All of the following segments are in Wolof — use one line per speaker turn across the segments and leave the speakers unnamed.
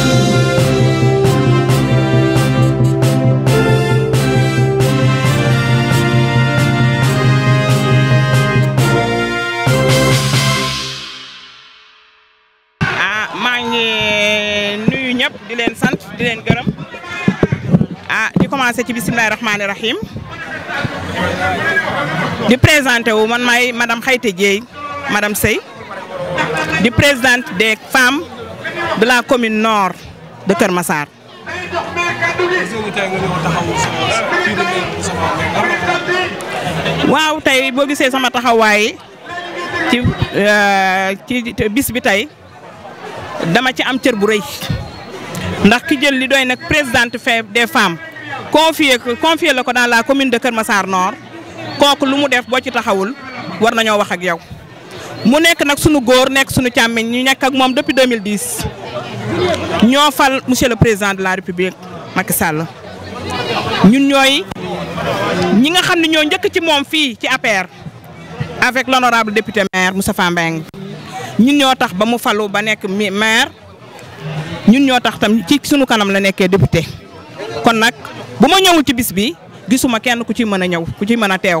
Ah, maa ngi nuyu ñëpp di leen sant di leen gërëm ah di commencé ci bisimilah rahmaani rahim di présenté wu man maay madame Khayte Dieye madame Sey di présidente des femmes de la commune nord de Kër Massar. waaw tey boo gisee sama taxawaay euh, ci ci bis bi tey dama ci am cër bu rëy ndax ki jël li dooy nag présidente des femmes confier ko confier la ko dans la commune de Kër Massar Nord kooku lu mu def boo ci taxawul war nañoo wax ak yow. mu nekk nag sunu góor nekk sunu càmmiñ ñu nekk ak moom depuis 2010 ñoo fal monsieur le président de la république Macky Sall ñun ñooy ñi nga xam ne ñoo njëkk ci moom fii ci APR avec l'honorable député maire Moustapha Mbengue ñun ñoo tax ba mu falu ba nekk maire ñun ñoo tax tam ci sunu kanam la nekkee député kon nag bu ma ñëwul ci bis bi gisuma kenn ku ci mën a ñëw ku ci mën a teew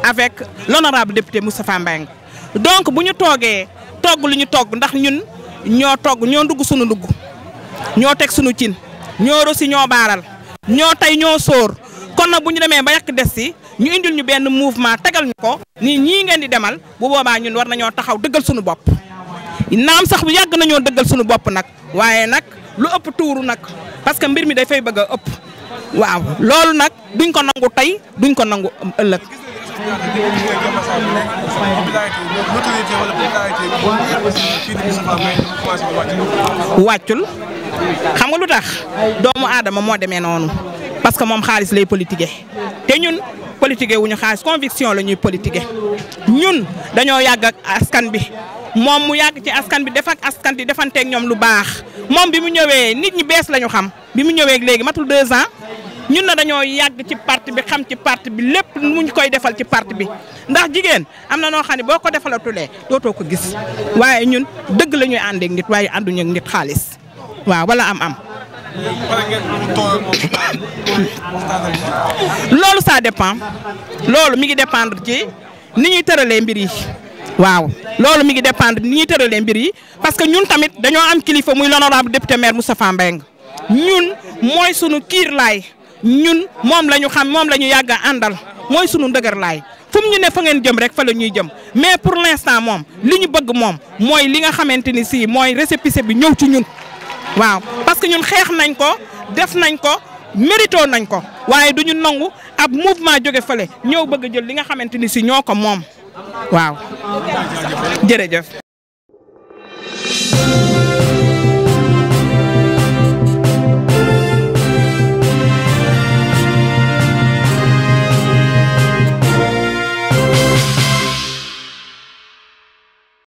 avec lonorable député Moustapha Mbengue donc bu ñu toogee togg lu ñu togg ndax ñun ñoo togg ñoo dugg sunu dugg ñoo teg sunu cin ñoo rosi ñoo baaral ñoo tey ñoo sóor kon nag bu ñu demee ba yàq des si ñu indil ñu benn mouvement tegal ñu ko nii ñii ngeen di demal bu boobaa ñun war nañoo taxaw dëggal suñu bopp naam sax bu yàgg nañoo dëggal suñu bopp nag waaye nag lu ëpp tuuru nag parce que mbir mi dafay bëgg a ëpp waaw loolu nag duñ ko nangu tey duñ ko nangu ëllëg wàccul xam nga lu tax doomu aadama moo demee noonu parce que moom xaalis lay politiqué te ñun politiqué wuñu xaalis conviction la ñuy politiqué ñun dañoo yàgg ak askan bi moom mu yàgg ci askan bi def ak askan bi defanteek ñoom lu baax moom bi mu ñëwee nit ñi bees lañu xam bi mu ñëwee léegi matul deux ans. ñun na dañoo yàgg ci parti bi xam ci parti bi lépp muñ koy defal ci parti bi ndax jigéen am na noo xam ne boo ko defalatulee dootoo ko gis waaye ñun dëgg la ñuy àndeek nit waaye ànduñu ak nit xaalis waaw wala am-am. loolu saa dépend loolu mi ngi dépendre ji ni ñuy tëralee mbir yi waaw loolu mi ngi dépendre ni ñuy tëralee mbir yi parce que ñun tamit dañoo am kilifa muy l'honorable député maire Moustapha Mbengue ñun mooy sunu kiir laay ñun moom la ñu xam moom la ñu yàgg àndal mooy sunu ndëgër laay fu ñu ne fa ngeen jëm rek fa la ñuy jëm mais pour l'instant moom li ñu bëgg moom mooy li nga xamante ni sii mooy récépissé bi ñëw ci ñun waaw parce que ñun xeex nañ ko def nañ ko mérito nañ ko waaye duñu nangu ab mouvement jóge fële ñëw bëgg a jël li nga xamante ni si ñoo ko moom waaw jërëjëf